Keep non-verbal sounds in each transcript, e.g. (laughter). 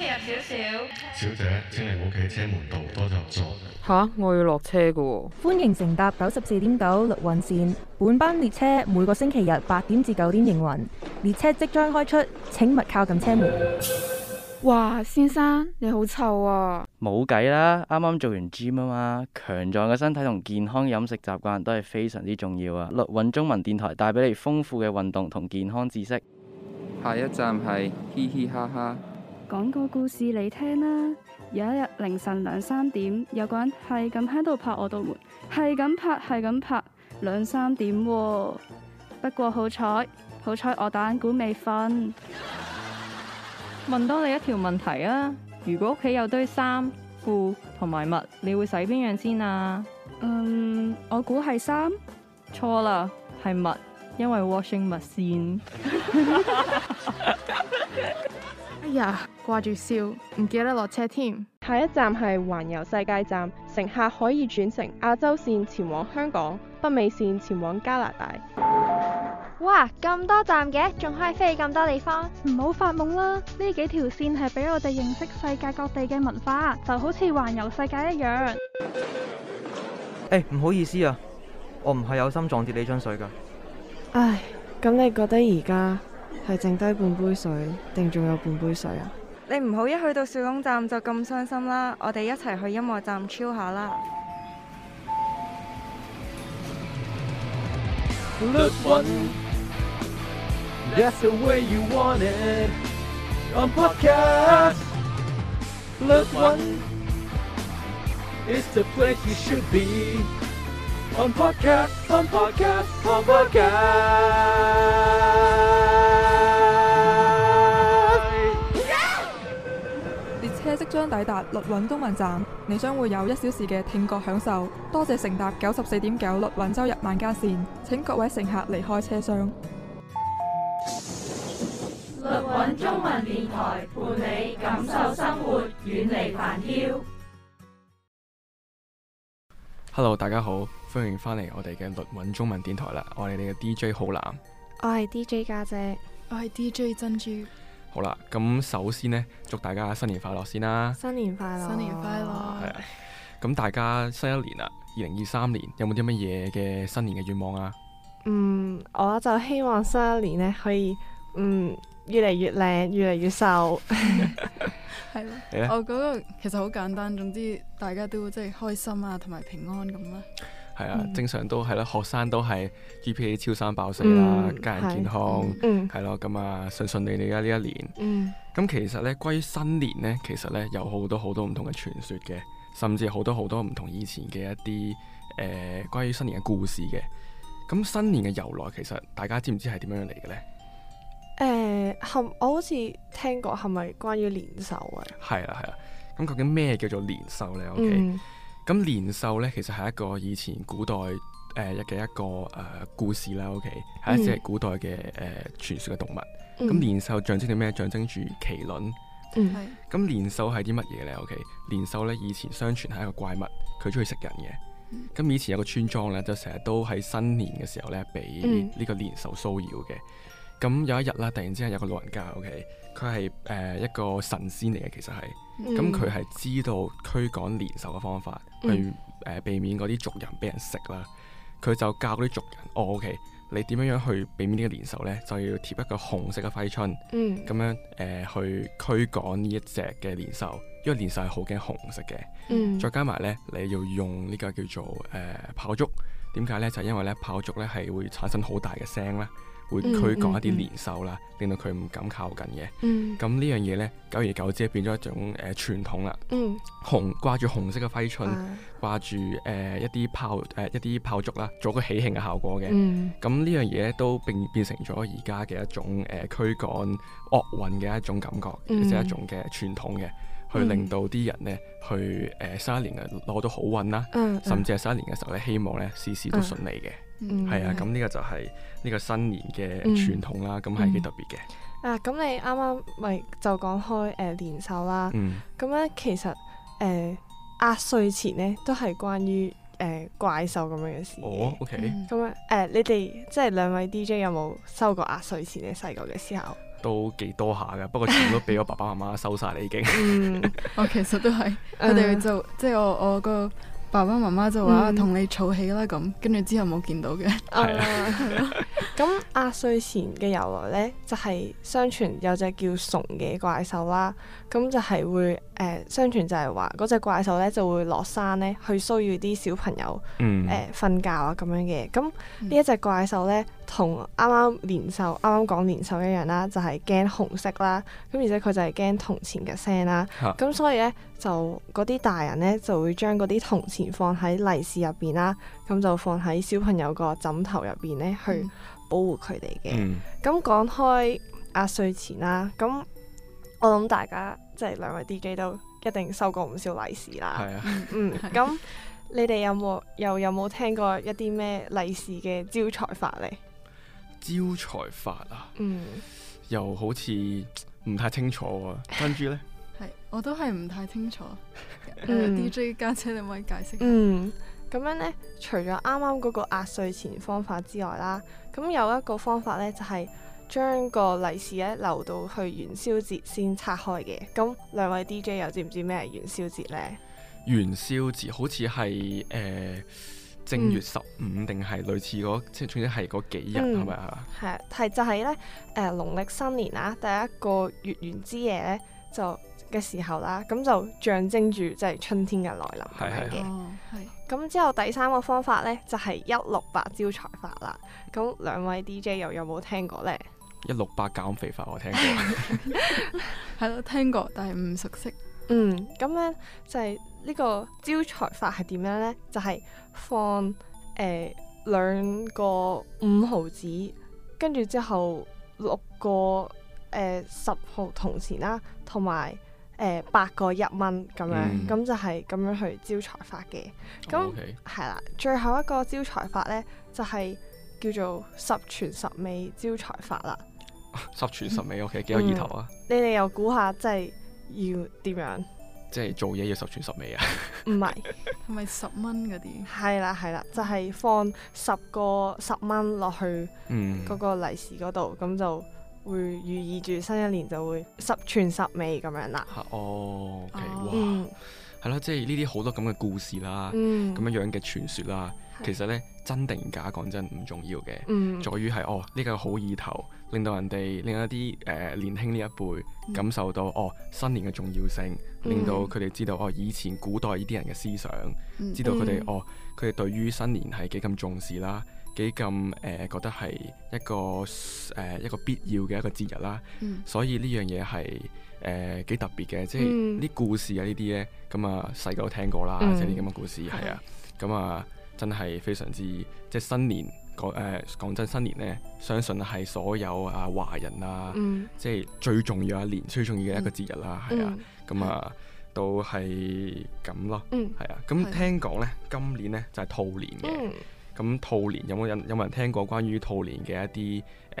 小姐，請嚟屋企車門度多就坐。吓，我要落車噶。歡迎乘搭九十四點九綠運線，本班列車每個星期日八點至九點營運，列車即將開出，請勿靠近車門。哇，先生你好臭啊！冇計啦，啱啱做完 gym 啊嘛，強壯嘅身體同健康飲食習慣都係非常之重要啊！綠運中文電台帶俾你豐富嘅運動同健康知識。下一站係嘻嘻哈哈。講個故事嚟聽啦！有一日凌晨兩三點，有個人係咁喺度拍我度門，係咁拍係咁拍，兩三點。不過好彩，好彩我打緊鼓未瞓。問多你一條問題啊！如果屋企有堆衫褲同埋襪，你會洗邊樣先啊？嗯，我估係衫。錯啦，係襪，因為 washing machine (laughs) 哎、呀，掛住笑，唔記得落車添。下一站係環遊世界站，乘客可以轉乘亞洲線前往香港，北美線前往加拿大。哇，咁多站嘅，仲可以飛咁多地方。唔好發夢啦。呢幾條線係俾我哋認識世界各地嘅文化，就好似環遊世界一樣。誒、哎，唔好意思啊，我唔係有心撞跌你張水㗎。唉，咁你覺得而家係剩低半杯水，定仲有半杯水啊？你唔好一去到樹洞站就咁傷心啦，我哋一齊去音樂站 chill 吓啦。即將抵達律允中文站，你將會有一小時嘅聽覺享受。多謝乘搭九十四點九律允周日晚間線，請各位乘客離開車廂。律允中文電台伴你感受生活，遠離煩囂。Hello，大家好，歡迎翻嚟我哋嘅律允中文電台啦！我係你嘅 DJ 浩南，我係 DJ 家姐，姐，我係 DJ 珍珠。好啦，咁首先呢，祝大家新年快樂先啦！新年快樂，新年快樂。係啊，咁大家新一年啦，二零二三年，有冇啲乜嘢嘅新年嘅願望啊？嗯，我就希望新一年呢，可以，嗯，越嚟越靚，越嚟越瘦。係咯。我覺得其實好簡單，總之大家都即係開心啊，同埋平安咁啦。係啊，正常都係啦，學生都係 GPA 超三爆四啦，嗯、家人健康，係咯，咁啊順順利利啊呢一年。咁、嗯、其實咧，關於新年咧，其實咧有好多好多唔同嘅傳說嘅，甚至好多好多唔同以前嘅一啲誒、呃，關於新年嘅故事嘅。咁新年嘅由來，其實大家知唔知係點樣嚟嘅咧？誒、呃，係我好似聽過係咪關於年獸啊？係啦係啦，咁究竟咩叫做年獸咧？O K。Okay. 嗯咁年獸咧，其實係一個以前古代誒嘅、呃、一個誒、呃、故事啦。O K，係一隻古代嘅誒傳說嘅動物。咁、嗯、年獸象徵啲咩？象徵住麒麟。咁、嗯、年獸係啲乜嘢咧？O K，年獸咧以前相傳係一個怪物，佢中意食人嘅。咁、嗯、以前有個村莊咧，就成日都喺新年嘅時候咧，俾呢個年獸騷擾嘅。咁、嗯、有一日咧、啊，突然之間有個老人家。O K。佢係誒一個神仙嚟嘅，其實係，咁佢係知道驅趕年獸嘅方法，嗯、去誒避免嗰啲族人俾人食啦。佢就教啲族人，哦，OK，你點樣樣去避免個連呢個年獸咧？就要貼一個紅色嘅揮春，咁、嗯、樣誒、呃、去驅趕呢一隻嘅年獸，因為年獸係好驚紅色嘅。嗯、再加埋咧，你要用呢個叫做誒炮、呃、竹，點解咧？就係、因為咧炮竹咧係會產生好大嘅聲咧。會驅趕一啲年獸啦，嗯嗯嗯、令到佢唔敢靠近嘅。咁、嗯、呢樣嘢咧，久而久之變咗一種誒、呃、傳統啦。嗯、紅掛住紅色嘅揮春，啊、掛住誒、呃、一啲炮誒一啲炮竹啦，做個喜慶嘅效果嘅。咁、嗯、呢樣嘢都並變,變成咗而家嘅一種誒、呃、驅趕惡運嘅一種感覺，即係、嗯、一種嘅傳統嘅，去令到啲人咧去誒新一生年嘅攞到好運啦、嗯，甚至係新一年嘅時候咧，希望咧事事都順利嘅。啊係、嗯、啊，咁呢個就係呢個新年嘅傳統啦，咁係幾特別嘅。啊，咁你啱啱咪就講開誒，年獸啦。咁咧，其實誒壓歲錢咧都係關於誒怪獸咁樣嘅事。哦，O K。咁啊，誒你哋即係兩位 D J 有冇收過壓歲錢？你細個嘅時候都幾多下噶，不過全部都俾我爸爸媽媽收晒啦已經。 (laughs) 嗯， (laughs) 我其實都係，佢哋就即係我我，我、那個。爸爸媽媽就話同你儲起啦，咁，跟住之後冇見到嘅。咁壓歲錢嘅由來呢，就係、是、相傳有隻叫祟嘅怪獸啦。咁就係會誒、呃，相傳就係話嗰隻怪獸呢就會落山呢，去騷擾啲小朋友誒瞓、嗯呃、覺啊咁樣嘅。咁呢、嗯、一隻怪獸呢。同啱啱年獸啱啱講年獸一樣啦，就係、是、驚紅色啦，咁而且佢就係驚銅錢嘅聲啦，咁、啊、所以呢，就嗰啲大人呢，就會將嗰啲銅錢放喺利是入邊啦，咁就放喺小朋友個枕頭入邊呢，去保護佢哋嘅。咁講、嗯、開壓歲錢啦，咁我諗大家即係兩位 DJ 都一定收過唔少利是啦。係啊、 (laughs) 嗯，咁你哋有冇又有冇聽過一啲咩利是嘅招財法呢？招財法啊，嗯、又好似唔太清楚喎，啊。跟住呢，係我都係唔太清楚。D J 家姐，你可唔可以解釋？嗯，咁樣呢，除咗啱啱嗰個壓歲錢方法之外啦，咁有一個方法呢，就係、是、將個利是咧留到去元宵節先拆開嘅。咁兩位 D J 又知唔知咩元宵節呢？元宵節好似係誒。呃正月十五定係類似嗰，即係總之係嗰幾日係咪啊？係啊、嗯、係、嗯、就係咧誒，農曆新年啊，第一個月圓之夜咧，就嘅時候啦、啊，咁就象徵住即係春天嘅來臨嚟嘅。係咁、嗯、之後第三個方法咧，就係一六八招財法啦。咁兩位 DJ 又有冇聽過咧？一六八減肥法我聽過，係 (laughs) 咯， (laughs) 聽過但係唔熟悉。嗯、咁、嗯、咧、嗯、就係、是。呢個招財法係點樣呢？就係、是、放誒、呃、兩個五毫紙，跟住之後六個誒、呃、十毫銅錢啦、啊，同埋誒八個一蚊咁樣，咁、嗯、就係咁樣去招財法嘅。咁係啦，最後一個招財法呢，就係、是、叫做十全十美招財法啦、啊。十全十美，OK，幾、嗯、有意頭啊！你哋又估下，即、就、係、是、要點樣？即係做嘢要十全十美啊？唔 (laughs) 係是，係咪 (laughs) 十蚊嗰啲？係啦，係啦，就係、是、放十個十蚊落去嗰個利是嗰度，咁、嗯、就會寓意住新一年就會十全十美咁樣啦。哦，哇！嗯係咯，即係呢啲好多咁嘅故事啦，咁樣樣嘅傳說啦，其實咧真定假講真唔重要嘅，在於係哦呢個好意頭，令到人哋，另一啲誒年輕呢一輩感受到哦新年嘅重要性，令到佢哋知道哦以前古代呢啲人嘅思想，知道佢哋哦佢哋對於新年係幾咁重視啦，幾咁誒覺得係一個誒一個必要嘅一個節日啦，所以呢樣嘢係。誒、呃、幾特別嘅，即係啲故事啊呢啲咧，咁啊細個都聽過啦，即係啲咁嘅故事係啊，咁的啊真係非常之，即係新年講誒講真新年咧，相信係所有啊華人啊，即係、嗯、最重要一年、最重要嘅一個節日啦，係啊，咁啊都係咁咯，係啊的，咁、嗯嗯、聽講咧今年咧就係、是、兔年嘅，咁、嗯、兔年有冇人有冇人聽過關於兔年嘅一啲？誒，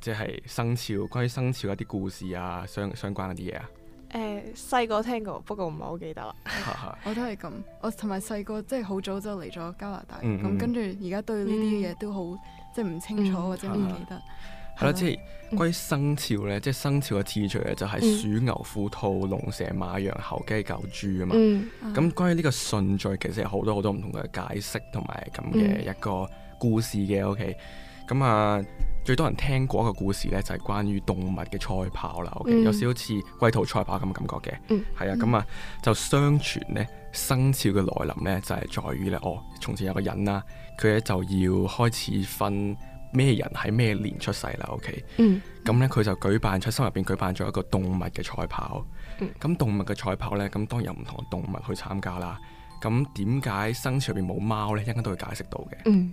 即係生肖，關於生肖一啲故事啊，相相關啲嘢啊。誒，細個聽過，不過唔係好記得啦。我都係咁，我同埋細個即係好早就嚟咗加拿大，咁跟住而家對呢啲嘢都好即係唔清楚或者唔記得。係啦，即係關於生肖咧，即係生肖嘅次序咧就係鼠牛虎兔龍蛇馬羊猴雞狗豬啊嘛。咁關於呢個順序，其實有好多好多唔同嘅解釋同埋咁嘅一個故事嘅。O K。咁啊，最多人聽過一個故事咧，就係、是、關於動物嘅賽跑啦。OK、嗯、有少好似龜兔賽跑咁嘅感覺嘅。嗯，係啊，咁啊、嗯、就相傳咧，生肖嘅來臨咧就係、是、在於咧，哦，從前有個人啦、啊，佢咧就要開始分咩人喺咩年出世啦。OK，嗯，咁咧佢就舉辦出生入邊舉辦咗一個動物嘅賽跑。嗯，咁動物嘅賽跑咧，咁當然有唔同動物去參加啦。咁點解生肖入邊冇貓咧？一陣間都會解釋到嘅。嗯。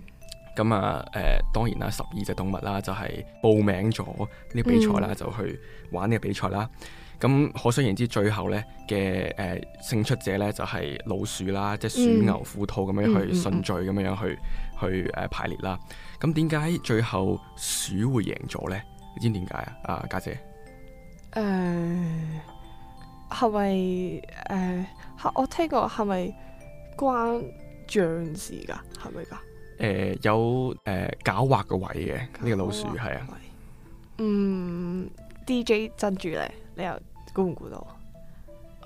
咁啊，誒、呃，當然啦，十二隻動物啦，就係、是、報名咗呢比賽啦，嗯、就去玩呢個比賽啦。咁可想而知，最後咧嘅誒勝出者咧就係、是、老鼠啦，即、就、係、是、鼠牛虎兔咁樣去順序咁樣樣去、嗯、嗯嗯嗯去誒排列啦。咁點解最後鼠會贏咗咧？你知唔知點解啊？啊，家姐，姐，誒、呃，係咪誒？我聽過係咪關象字噶？係咪噶？誒，有誒狡猾嘅位嘅呢個老鼠係啊，嗯，D J 珍珠咧，你又估唔估到？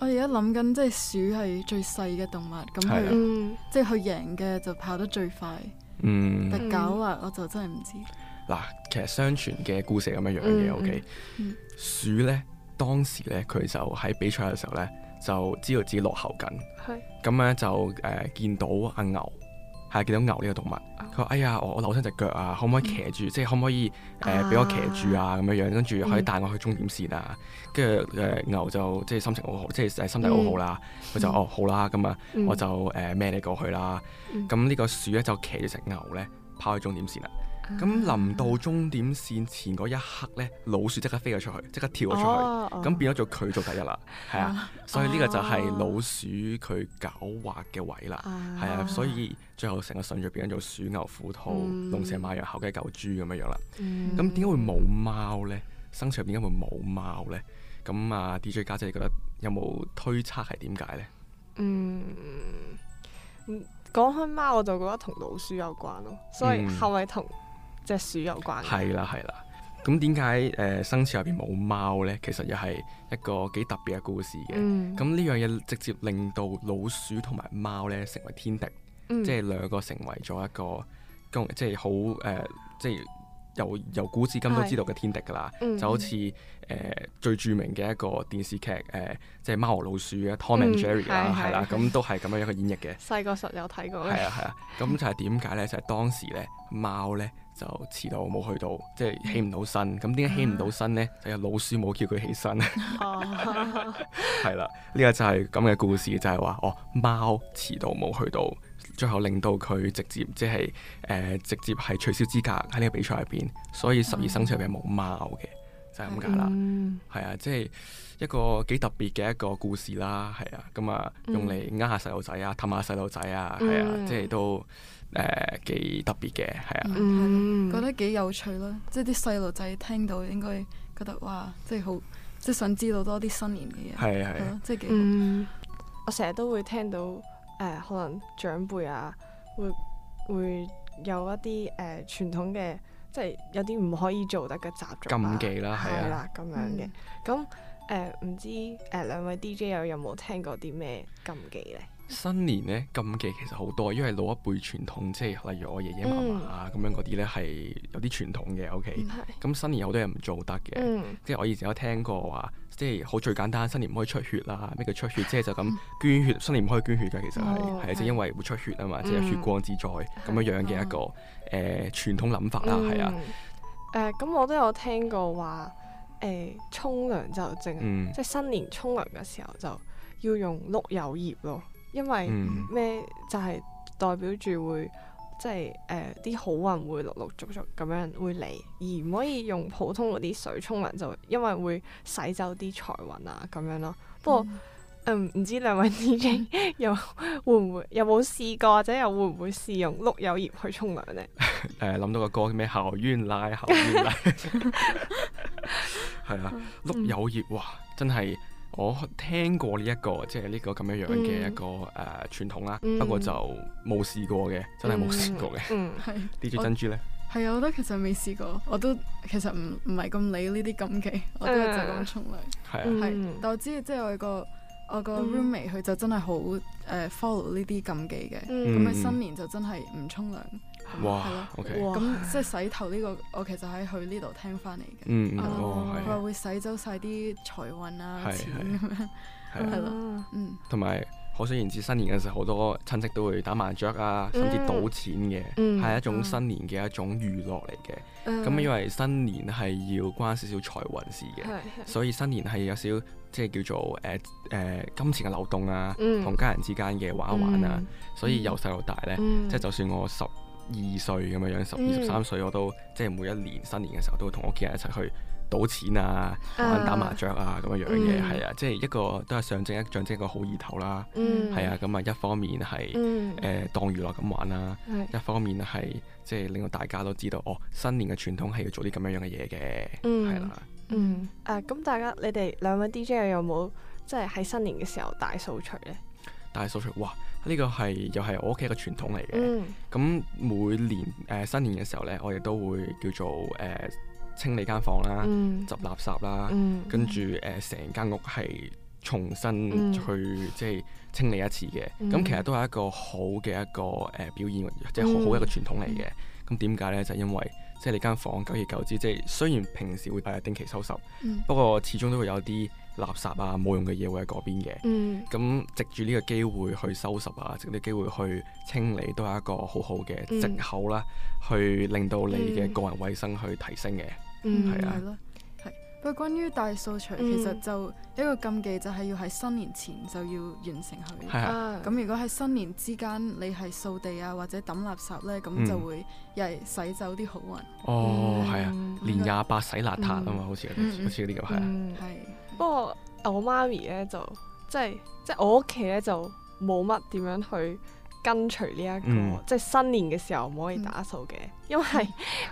我而家諗緊，即係鼠係最細嘅動物，咁佢即係佢贏嘅就跑得最快，嗯，但狡猾我就真係唔知。嗱，其實相傳嘅故事咁樣樣嘅，O K，鼠咧當時咧佢就喺比賽嘅時候咧就知道自己落後緊，係咁咧就誒見到阿牛。係見到牛呢個動物，佢話：哎呀，我扭親隻腳啊，可唔可以騎住？嗯、即係可唔可以誒俾、呃、我騎住啊？咁樣樣跟住可以帶我去終點線啊。跟住誒牛就即係心情好，好，即係心態好、嗯哦、好啦。佢就哦好啦咁啊，我就誒孭、嗯呃、你過去啦。咁呢、嗯、個鼠咧就騎住隻牛咧拋去終點線啦、啊。咁臨到終點線前嗰一刻咧，老鼠即刻飛咗出去，即刻跳咗出去，咁、oh, oh. 變咗做佢做第一啦，係啊，oh, oh. 所以呢個就係老鼠佢狡猾嘅位啦，係、oh, oh. 啊，所以最後成個順序變咗做鼠牛虎兔、mm. 龍蛇馬羊猴雞狗豬咁樣樣啦。咁點解會冇貓咧？生肖入邊點解會冇貓咧？咁啊，DJ 家姐，姐，你覺得有冇推測係點解咧？嗯，講開貓我就覺得同老鼠有關咯，所以後尾同？Mm. 即係鼠有關嘅，係啦，係啦。咁點解誒生肖入邊冇貓咧？其實又係一個幾特別嘅故事嘅。咁呢、嗯、樣嘢直接令到老鼠同埋貓咧成為天敵，即係、嗯、兩個成為咗一個，即係好誒，即係、呃、由由古至今都知道嘅天敵噶啦。嗯、就好似誒、呃、最著名嘅一個電視劇誒、呃，即係貓和老鼠啊，Tom and Jerry 啦、嗯，係啦。咁的都係咁樣一個演繹嘅。細個實有睇過嘅。係啊，係啊。咁 (laughs) 就係點解咧？就係、是、當時咧，貓咧。就遲到冇去到，即係起唔到身。咁點解起唔到身呢？就老鼠冇叫佢起身。哦，係啦，呢個就係咁嘅故事，就係話哦，貓遲到冇去到，最後令到佢直接即係誒直接係取消資格喺呢個比賽入邊。所以十二生肖入邊冇貓嘅，就係咁解啦。係啊，即係一個幾特別嘅一個故事啦。係啊，咁啊，用嚟呃下細路仔啊，氹下細路仔啊，係啊，即係都。誒幾、呃、特別嘅係啊、嗯，覺得幾有趣咯！即係啲細路仔聽到應該覺得哇，即係好即係想知道多啲新年嘅嘢，係啊，係啊，即係幾嗯，我成日都會聽到誒、呃，可能長輩啊會會有一啲誒、呃、傳統嘅，即係有啲唔可以做得嘅習俗、啊、禁忌啦，係啦咁樣嘅。咁誒唔知誒、呃、兩位 DJ 有有冇聽過啲咩禁忌咧？新年咧禁忌其實好多，因為老一輩傳統即係例如我爺爺嫲嫲啊咁樣嗰啲咧，係有啲傳統嘅 OK，咁新年有好多人唔做得嘅，即係我以前有聽過話，即係好最簡單新年唔可以出血啦。咩叫出血？即係就咁捐血，新年唔可以捐血㗎。其實係係即係因為會出血啊嘛，即係有血光之災咁樣樣嘅一個誒傳統諗法啦，係啊。誒咁我都有聽過話誒沖涼就正，即係新年沖涼嘅時候就要用碌柚葉咯。因為咩就係代表住會即係誒啲好運會陸陸,陸續續咁樣會嚟，而唔可以用普通嗰啲水沖涼，就因為會洗走啲財運啊咁樣咯。不過唔、嗯嗯、知兩位 DJ 又會唔會有冇試過，或者又會唔會試用碌柚葉去沖涼呢？誒諗、 (laughs) 呃、到個歌叫咩？校園拉校園拉，係啊！碌柚葉哇，真係 (laughs) ～、嗯 (laughs) 我聽過呢、呢個、一個即係呢個咁樣樣嘅一個誒傳統啦，嗯、不過就冇試過嘅，嗯、真係冇試過嘅。嗯，係 DJ 珍珠咧，係啊，我覺得其實未試過，我都其實唔唔係咁理呢啲禁忌，啊、我都係就咁沖涼係啊，係，但我知即係、即係、我一個。我個 roommate 佢就真係好誒 follow 呢啲禁忌嘅，咁佢新年就真係唔沖涼，係咯，咁即係洗頭呢個，我其實喺佢呢度聽翻嚟嘅。嗯嗯，係。佢話會洗走晒啲財運啊錢咁樣，係咯，嗯。同埋可想而知，新年嘅時候好多親戚都會打麻雀啊，甚至賭錢嘅，係一種新年嘅一種娛樂嚟嘅。咁因為新年係要關少少財運事嘅，所以新年係有少。即係叫做誒誒金錢嘅流動啊，同家人之間嘅玩一玩啊，所以由細到大咧，即係就算我十二歲咁樣樣，十二十三歲我都即係每一年新年嘅時候都會同屋企人一齊去賭錢啊，玩打麻雀啊咁樣樣嘅，係啊，即係一個都係象徵一象徵一個好意頭啦，係啊，咁啊一方面係誒當娛樂咁玩啦，一方面係即係令到大家都知道哦，新年嘅傳統係要做啲咁樣樣嘅嘢嘅，係啦。嗯，誒，咁大家你哋兩位 DJ 有冇即係喺新年嘅時候大掃除咧？大掃除，哇！呢、這個係又係我屋企一個傳統嚟嘅。咁、嗯、每年誒、呃、新年嘅時候咧，我哋都會叫做誒、呃、清理間房啦，執、嗯、垃圾啦，嗯、跟住誒成間屋係重新去、嗯、即係清理一次嘅。咁、嗯、其實都係一個好嘅一個誒表演，嗯、即係好好一個傳統嚟嘅。咁點解咧？就係、是、因為。即係你間房久而久之，即係雖然平時會定期收拾，嗯、不過始終都會有啲垃圾啊、冇用嘅嘢會喺嗰邊嘅。咁、嗯、藉住呢個機會去收拾啊，藉呢機會去清理都係一個好好嘅藉口啦，嗯、去令到你嘅個人衛生去提升嘅。係啊、嗯。的佢關於大掃除，其實就一個禁忌，就係要喺新年前就要完成佢。咁如果喺新年之間你係掃地啊或者抌垃圾咧，咁就會又係洗走啲好運。哦，係啊，年廿八洗邋遢啊嘛，好似好似嗰啲咁係啊。不過我媽咪咧就即係即係我屋企咧就冇乜點樣去跟隨呢一個即係新年嘅時候唔可以打掃嘅，因為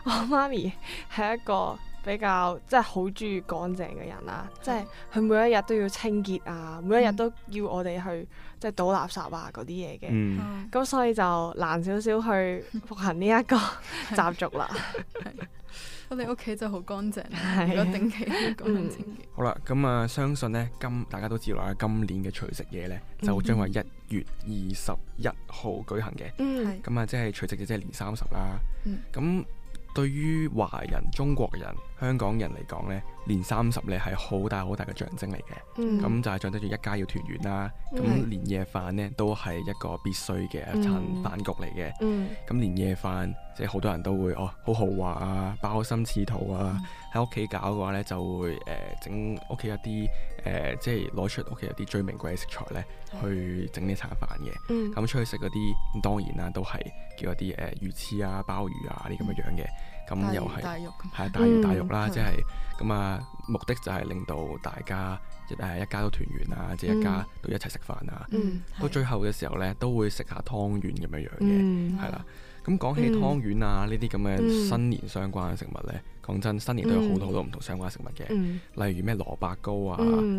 我媽咪係一個，比較即係好中意乾淨嘅人啦，即係佢每一日都要清潔啊，每一日都要我哋去即係倒垃圾啊嗰啲嘢嘅，咁所以就難少少去復行呢一個習俗啦。咁你屋企就好乾淨，如果定期搞清潔。好啦，咁啊，相信呢，今大家都知道啦，今年嘅除夕夜呢，就將會係一月二十一號舉行嘅。咁啊，即係除夕嘅即係年三十啦。咁。對於華人、中國人、香港人嚟講咧。年三十咧，係好大好大嘅象徵嚟嘅，咁就係象徵住一家要團圓啦。咁年夜飯呢，都係一個必須嘅一餐飯局嚟嘅。咁年夜飯即係好多人都會哦，好豪華啊，鮑參翅肚啊，喺屋企搞嘅話呢，就會誒整屋企一啲誒，即係攞出屋企一啲最名貴嘅食材呢，去整呢餐飯嘅。咁出去食嗰啲當然啦，都係叫一啲誒魚翅啊、鮑魚啊呢咁嘅樣嘅。咁又係係大魚大肉啦，即係。咁啊，目的就係令到大家誒一家都團圓啊，即係一家都一齊食飯啊，嗯、到最後嘅時候呢，都會食下湯圓咁樣樣嘅，係啦、嗯。咁講起湯圓啊，呢啲咁嘅新年相關嘅食物咧，講、嗯、真，新年都有好多好多唔同相關嘅食物嘅，嗯、例如咩蘿蔔糕啊、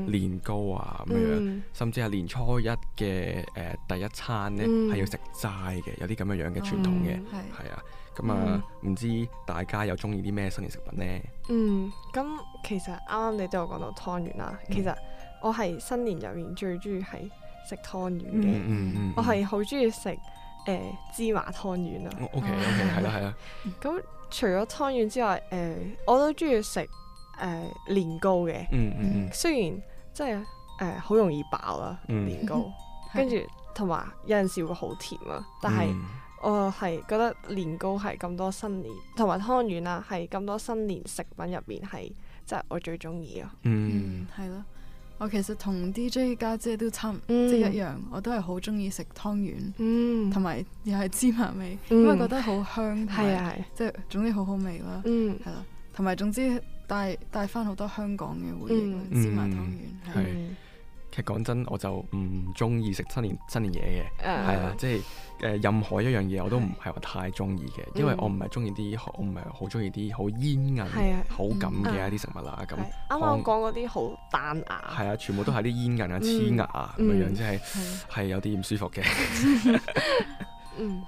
年、嗯、糕啊咁樣，嗯、甚至係年初一嘅誒、呃、第一餐咧係、嗯、要食齋嘅，有啲咁樣樣嘅傳統嘅，係、嗯、啊，咁、嗯、啊，唔、嗯嗯、知大家有中意啲咩新年食品咧、嗯？嗯，咁其實啱啱你都有講到湯圓啦，其實我係新年入面最中意係食湯圓嘅，我係好中意食。嗯嗯嗯嗯嗯嗯嗯誒、呃、芝麻湯圓啊，OK OK，係啦係啦。咁除咗湯圓之外，誒我都中意食誒年糕嘅。嗯嗯。雖然即係誒好容易飽啦，年、嗯、糕。 (laughs) 是的 跟住同埋有陣時會好甜啊，但係我係覺得年糕係咁多新年同埋湯圓啦，係咁多新年食品入面係即係我最中意啊。嗯，係咯、嗯。嗯我其實同 DJ 家姐，姐都差唔多、嗯、即一樣，我都係好中意食湯圓，同埋、嗯、又係芝麻味，嗯、因為覺得好香同埋，即總之好好味啦，係啦、嗯，同埋總之帶帶翻好多香港嘅回憶，嗯、芝麻湯圓係。其實講真，我就唔中意食新年新年嘢嘅，係、uh, 啊，即係誒、呃、任何一樣嘢我都唔係話太中意嘅，的因為我唔係中意啲，我唔係的好中意啲好煙韌口感嘅一啲食物啦。咁啱我講嗰啲好彈牙，係啊，全部都係啲煙韌啊、黐、嗯、牙啊咁樣，嗯嗯、即係是係有啲唔舒服嘅。 (laughs) 嗯，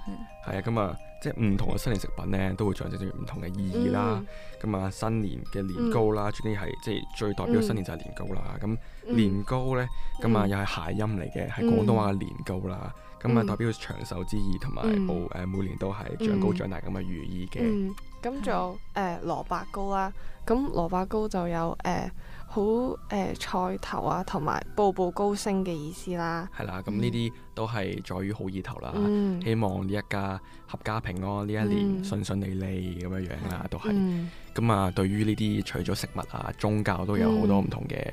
係、mm.。啊，咁啊，即係唔同嘅新年食品咧，都會象徵住唔同嘅意義啦。咁啊，新年嘅年糕啦，mm. 最緊要係即係最代表新年就係年糕啦。咁年糕咧，咁啊又係諧音嚟嘅，係廣東話嘅年糕啦。咁啊、mm. 代表長壽之意，同埋冇誒每年都係長高長大咁嘅寓意嘅。咁仲有誒蘿蔔糕啦，咁蘿蔔糕就有誒。Uh, 好誒菜頭啊，同埋步步高升嘅意思啦。係啦，咁呢啲都係在於好意頭啦。希望呢一家合家平安，呢一年順順利利咁樣樣啦，都係。咁啊，對於呢啲除咗食物啊，宗教都有好多唔同嘅誒，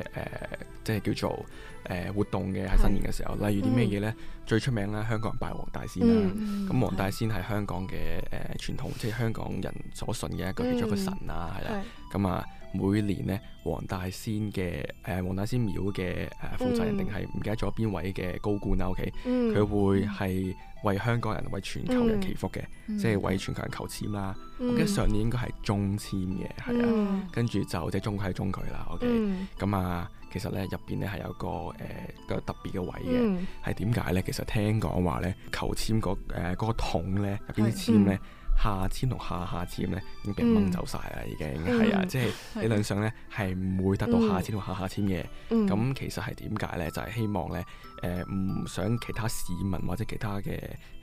即係叫做誒活動嘅喺新年嘅時候，例如啲咩嘢咧？最出名咧，香港人拜黃大仙啦。咁黃大仙係香港嘅誒傳統，即係香港人所信嘅一個叫做個神啊，係啦。咁啊，每年咧，黃大仙嘅誒黃大仙廟嘅誒、呃、負責人，定係唔記得咗邊位嘅高官啦，OK，佢、嗯、會係為香港人、為全球人祈福嘅，嗯、即係為全球人求籤啦。嗯、我記得上年應該係中籤嘅，係啊，嗯、跟住就即係中開中佢啦，OK、嗯。咁啊、嗯，嗯、其實咧入邊咧係有個誒個、呃、比較特別嘅位嘅，係點解咧？其實聽講話咧，求籤個誒嗰個桶咧入邊啲籤咧。下籤同下下籤咧，已經被掹走晒啦，已經係啊，即係理論上咧係唔會得到下籤同下下籤嘅。咁其實係點解咧？就係希望咧，誒唔想其他市民或者其他嘅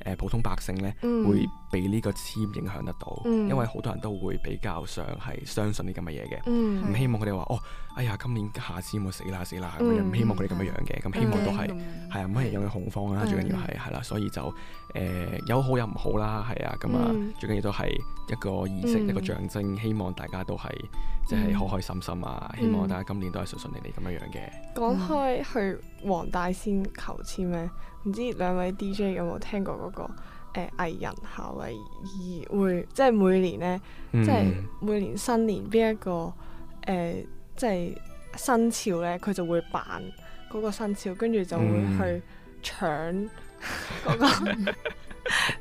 誒普通百姓咧會被呢個籤影響得到。因為好多人都會比較上係相信啲咁嘅嘢嘅，唔希望佢哋話哦，哎呀，今年下籤我死啦死啦，唔希望佢哋咁嘅樣嘅，咁希望都係係啊，唔可以引起恐慌啦。最緊要係係啦，所以就。誒、呃、有好有唔好啦，係啊，咁啊，嗯、最緊要都係一個儀式，嗯、一個象徵，希望大家都係即係開開心心啊！嗯、希望大家今年都係順順利利咁樣樣嘅。嗯、講開去黃大仙求籤咧，唔知兩位 DJ 有冇聽過嗰、那個誒、呃、藝人夏蕙姨會，即係每年咧，即係、嗯、每年新年邊一個誒、呃，即係生肖咧，佢就會扮嗰個生肖，跟住就會去搶、嗯。個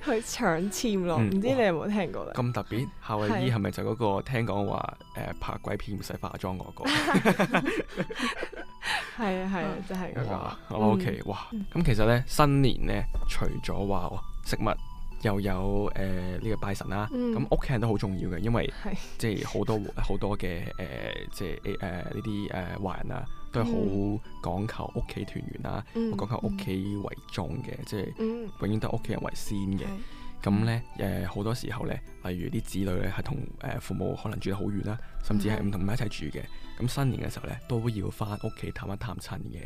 去搶簽咯，唔 (laughs) 知你有冇聽過咧？咁、嗯、特別，夏威夷係咪就嗰個聽講話誒對、呃、拍鬼片唔使化妝嗰、那個？係啊係啊，就係。啊，O K，哇！咁、okay, 嗯、其實咧新年咧，除咗話食物，又有誒呢、呃這個拜神啦、啊，咁屋企人都好重要嘅，因為即係好多好多嘅誒即係誒呢啲誒華人啊。都係好講求屋企團圓啦、啊，我、嗯、講求屋企為重嘅，嗯、即係永遠都係屋企人為先嘅。咁咧、嗯，誒好、呃、多時候咧，例如啲子女咧係同誒父母可能住得好遠啦，甚至係唔同埋一齊住嘅。咁、嗯、新年嘅時候咧，都要返屋企探一探親嘅。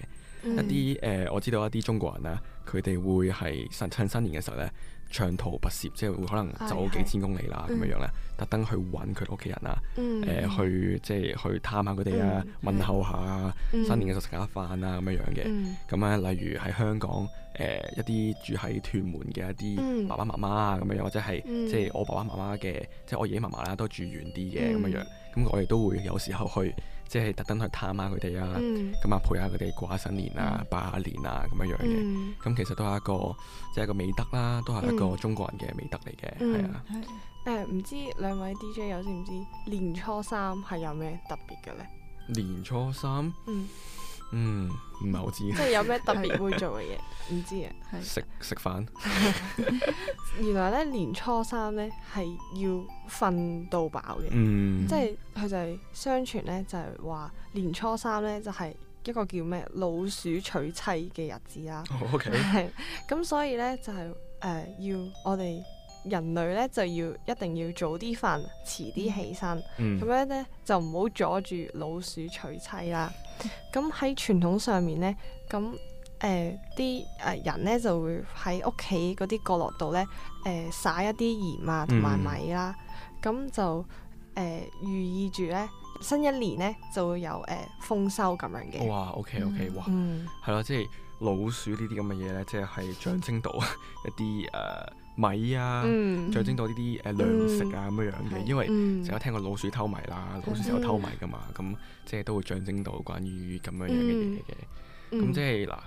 一啲誒、呃，我知道一啲中國人啊，佢哋會係趁、趁新年嘅時候咧。長途跋涉，即係會可能走幾千公里啦，咁是樣樣咧，嗯、特登去搵佢屋企人啊，誒，去即係去探下佢哋啊，問候下新年嘅時候食下飯啊，咁樣樣嘅。咁咧，例如喺香港，誒、呃，一啲住喺屯門嘅一啲爸爸媽媽啊，咁樣樣，或者係即係我爸爸媽媽嘅，即係我爺爺嫲嫲啦，都住遠啲嘅，咁樣樣。咁、嗯、我哋都會有時候去。即係特登去探下佢哋啊，咁啊、嗯、陪下佢哋過下新年啊，拜下、嗯、年啊咁樣樣嘅，咁、嗯、其實都係一個即係一個美德啦，都係一個中國人嘅美德嚟嘅，係、嗯、啊。誒唔、嗯嗯嗯嗯欸、知兩位 DJ 有知唔知年初三係有咩特別嘅咧？年初三。嗯嗯，唔係好知即係有咩特別會做嘅嘢，唔 (laughs) 知啊。食食飯。 (laughs) 原來咧年初三咧係要瞓到飽嘅，嗯、即係佢就係、是、相傳咧就係、是、話年初三咧就係、是、一個叫咩老鼠娶妻嘅日子啦。Oh, OK okay. 是的。係，咁所以咧就係、是、誒、呃、要我哋。人類咧就要一定要早啲瞓，遲啲起身，咁樣咧就唔好阻住老鼠娶妻啦。咁喺傳統上面咧，咁誒啲誒人咧就會喺屋企嗰啲角落度咧誒撒一啲鹽啊同埋米啦，咁就誒寓意住咧新一年咧就會有誒豐收咁樣嘅。哇！OK OK，哇！係咯，即係老鼠呢啲咁嘅嘢咧，即係象徵到一啲誒。米啊，象徵到呢啲誒糧食啊咁樣樣嘅，因為成日都聽過老鼠偷米啦，老鼠成日偷米噶嘛，咁即係都會象徵到關於咁樣樣嘅嘢嘅。咁即係嗱，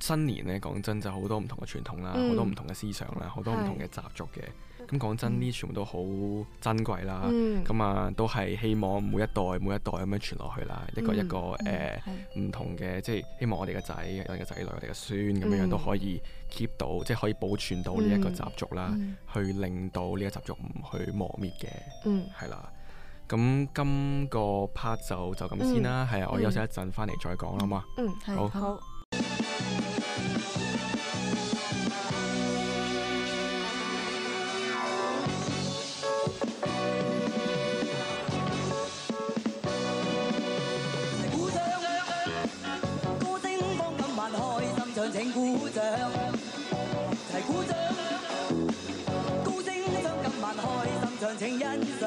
新年咧講真就好多唔同嘅傳統啦，好多唔同嘅思想啦，好多唔同嘅習俗嘅。咁講真呢，全部都好珍貴啦，咁啊都係希望每一代每一代咁樣傳落去啦，一個一個誒唔同嘅，即係希望我哋嘅仔、我哋嘅仔女、我哋嘅孫咁樣樣都可以。Keep 到即係可以保存到呢一個習俗啦，嗯嗯、去令到呢個習俗唔去磨滅嘅，係啦、嗯。咁今個 part 就就咁先啦，係啊、嗯，我休息一陣翻嚟再講啦好嘛。嗯，好好。好情人。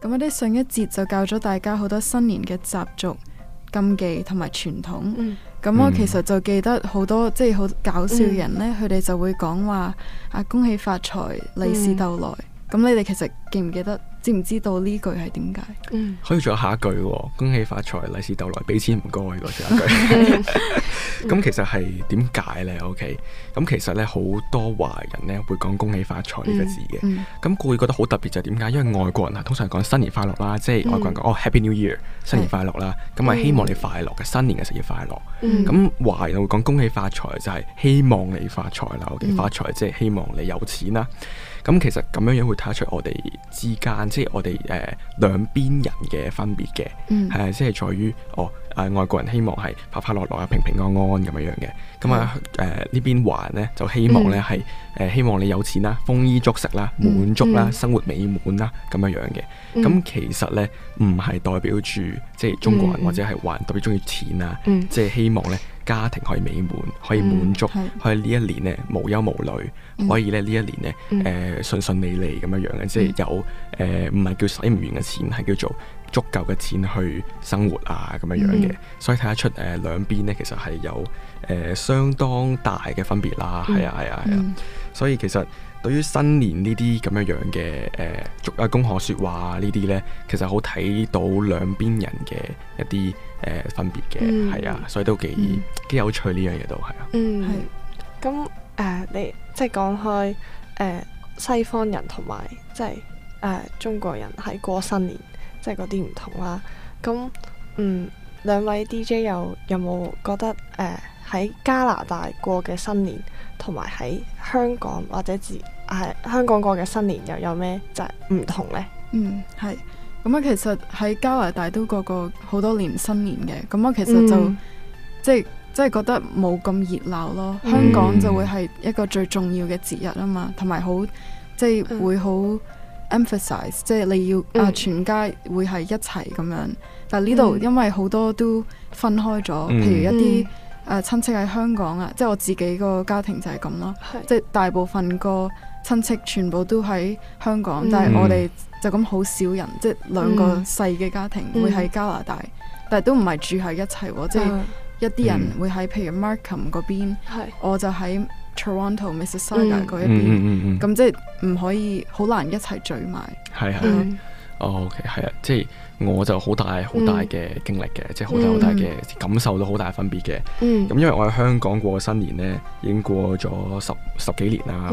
咁我哋上一節就教咗大家好多新年嘅習俗禁忌同埋傳統，咁我、嗯嗯、其實就記得好多，即係好搞笑嘅人呢，佢哋、嗯、就會講話啊恭喜發財，利是逗來，咁、嗯、你哋其實記唔記得？知唔知道呢句係點解？可以做下下一句，恭喜發財，利是逗來，俾錢唔該。一句咁其實係點解咧？OK，咁其實咧好多華人咧會講恭喜發財呢個字嘅。咁故會覺得好特別就係點解？因為外國人呀通常講新年快樂啦，即係外國人講哦 Happy New Year，新年快樂啦。咁啊希望你快樂嘅新年嘅事業快樂。咁華人會講恭喜發財就係希望你發財啦。OK，發財即係希望你有錢啦。咁其實咁樣樣會睇出我哋之間，即係我哋誒、呃、兩邊人嘅分別嘅，係啊、嗯呃，即係在於哦誒、呃、外國人希望係快快樂樂、平平安安咁樣的樣嘅，咁啊誒呢邊華人咧就希望咧係誒希望你有錢啦、豐衣足食啦、滿足啦、嗯嗯、生活美滿啦咁樣樣嘅，咁、嗯嗯、其實咧唔係代表住即係中國人或者係華人特別中意錢啊，嗯、即係希望咧。家庭可以美滿，可以滿足，嗯、可以呢一年咧無憂無慮，嗯、可以咧呢一年咧誒、嗯呃、順順利利咁樣樣嘅，嗯、即係有誒唔係叫使唔完嘅錢，係叫做足夠嘅錢去生活啊咁樣樣嘅，嗯、所以睇得出誒、呃、兩邊咧其實係有誒、呃、相當大嘅分別啦，係啊係啊係啊，啊啊啊嗯、所以其實對於新年呢啲咁樣樣嘅誒祝阿公學説話呢啲咧，其實好睇到兩邊的人嘅一啲。呃、分別嘅係、嗯、啊，所以都幾、嗯、幾有趣呢樣嘢都係啊。嗯，係。咁誒、呃，你即係講開誒、呃、西方人同埋即係誒、呃、中國人喺過新年，即係嗰啲唔同啦、啊。咁嗯，兩位 DJ 又有冇覺得誒喺、呃、加拿大過嘅新年，同埋喺香港或者自係、啊、香港過嘅新年，又有咩就係唔同呢？嗯，係。咁啊，其實喺加拿大都過過好多年新年嘅，咁我其實就、嗯、即係即係覺得冇咁熱鬧咯。嗯、香港就會係一個最重要嘅節日啊嘛，同埋好即係會好 emphasize、嗯、即係你要啊全家會係一齊咁樣。但呢度因為好多都分開咗，嗯、譬如一啲誒親戚喺香港啊，嗯、即係我自己個家庭就係咁咯，是即係大部分個親戚全部都喺香港，嗯、但係我哋。就咁好少人，即係兩個細嘅家庭會喺加拿大，嗯、但係都唔係住喺一齊，嗯、即係一啲人會喺譬如 Markham、um、嗰邊，嗯、我就喺 Toronto Mississauga 嗰、嗯、一邊，咁、嗯嗯嗯、即係唔可以好難一齊聚埋。係係咯，OK 係啊，即係。我就好大好大嘅經歷嘅，嗯、即係好大好大嘅感受到好大分別嘅。咁、嗯、因為我喺香港過新年咧，已經過咗十十幾年啦。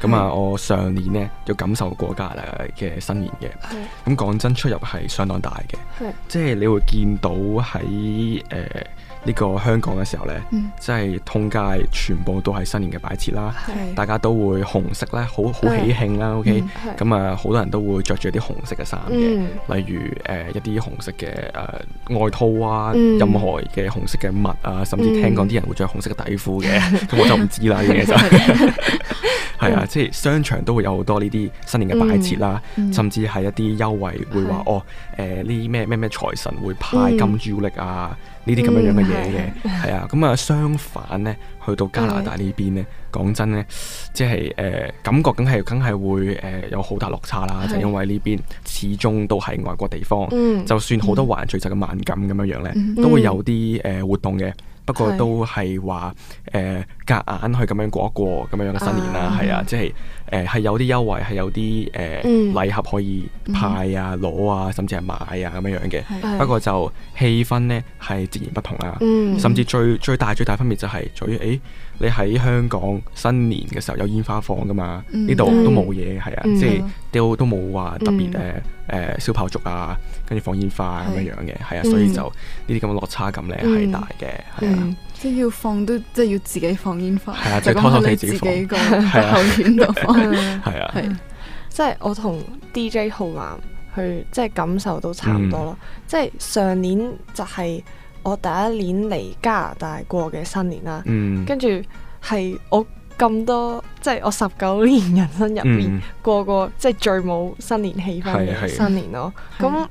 咁啊，我上年咧就感受過加拿大嘅新年嘅。咁講、嗯嗯、真，出入係相當大嘅，嗯、即係你會見到喺誒。呃呢個香港嘅時候呢，即係通街全部都係新年嘅擺設啦，大家都會紅色咧，好好喜慶啦。OK，咁啊，好多人都會着住啲紅色嘅衫嘅，例如誒一啲紅色嘅誒外套啊，任何嘅紅色嘅襪啊，甚至聽講啲人會着紅色嘅底褲嘅，咁我就唔知啦，呢嘢就係啊，即係商場都會有好多呢啲新年嘅擺設啦，甚至係一啲優惠會話哦，誒呢啲咩咩咩財神會派金珠力啊～呢啲咁樣樣嘅嘢嘅，係啊，咁啊相反咧，去到加拿大邊呢邊咧，講 Okay. 真咧，即係誒、呃、感覺梗係梗係會誒有好大落差啦，就是因為呢邊始終都係外國地方，嗯、就算好多華人聚集嘅咁敏感咁樣樣咧，嗯、都會有啲誒活動嘅。嗯嗯不過都係話誒，夾硬去咁樣過一過咁樣嘅新年啦，係啊，即係誒係有啲優惠，係有啲誒禮盒可以派啊、攞啊，甚至係買啊咁樣嘅。不過就氣氛呢係截然不同啊，甚至最最大最大分別就係，最誒你喺香港新年嘅時候有煙花放㗎嘛，呢度都冇嘢，係啊，即係都都冇話特別嘅。誒，燒炮竹啊，跟住放煙花咁、啊啊、樣樣嘅，係啊，所以就呢啲咁嘅落差感咧係大嘅，係啊，嗯嗯、即係要放都即係要自己放煙花，係啊，就偷偷地自己個後院度放，係啊，係，即係我同 DJ 浩南去，即係、就是、感受都差唔多咯，嗯、即係上年就係我第一年嚟加拿大過嘅新年啦、嗯 (laughs) 啊，跟住係我。咁多即係我十九年人生入面，過、嗯、個,個即係最冇新年氣氛嘅新年咯。咁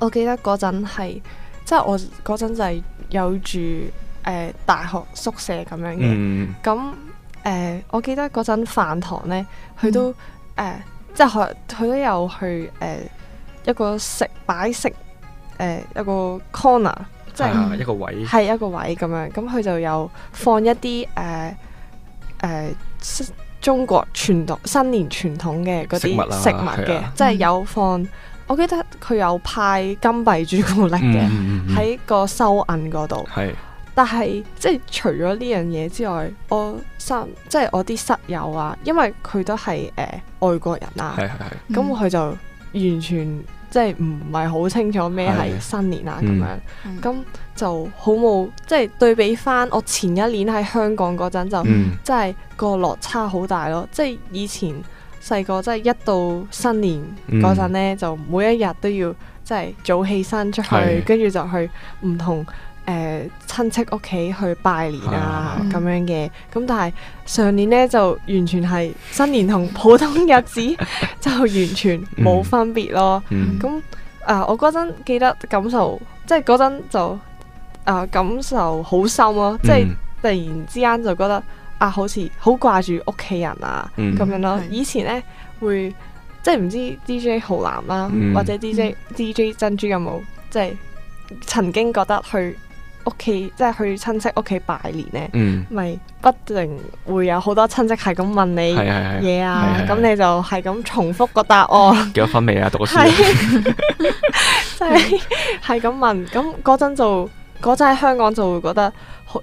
我記得嗰陣係即係我嗰陣就係有住誒、呃、大學宿舍咁樣嘅。咁誒、嗯呃、我記得嗰陣飯堂呢，佢都誒、嗯呃、即係佢都有去誒、呃、一個食擺食誒、呃、一個 corner，即係、啊就是、一個位係一個位咁樣。咁佢就有放一啲誒。呃呃誒、呃，中國傳統新年傳統嘅嗰啲食物嘅、啊，物啊、即係有放，嗯、我記得佢有派金幣朱古力嘅喺、嗯嗯嗯、個收銀嗰度。係是，但係即係除咗呢樣嘢之外，我室即係我啲室友啊，因為佢都係誒、呃、外國人啊，咁佢、嗯、就完全。即係唔係好清楚咩係新年啊，咁、嗯、樣，咁、嗯、就好冇即係對比翻我前一年喺香港嗰陣、嗯、就，真係個落差好大咯。即、就、係、是、以前細個真係一到新年嗰陣呢，嗯、就每一日都要即係、就是、早起身出去，跟住的就去唔同。誒，親、呃、戚屋企去拜年啊，咁樣嘅，咁但係上年呢，就完全係新年同普通日子 (laughs) (laughs) 就完全冇分別咯。咁啊、嗯嗯呃，我嗰陣記得感受，即係嗰陣就啊、呃、感受好深咯，即係突然之間就覺得啊，好似好掛住屋企人啊，咁、嗯、樣咯。嗯、以前呢會即係唔知 D J 浩南啦、啊、嗯、或者 D J D J 珍珠有冇即係曾經覺得去。屋企即係去親戚屋企拜年呢，咪、嗯、不定會有好多親戚係咁問你嘢啊，咁、嗯、你就係咁重複個答案。幾多分未啊？讀書係係咁問，咁嗰陣就嗰陣喺香港就會覺得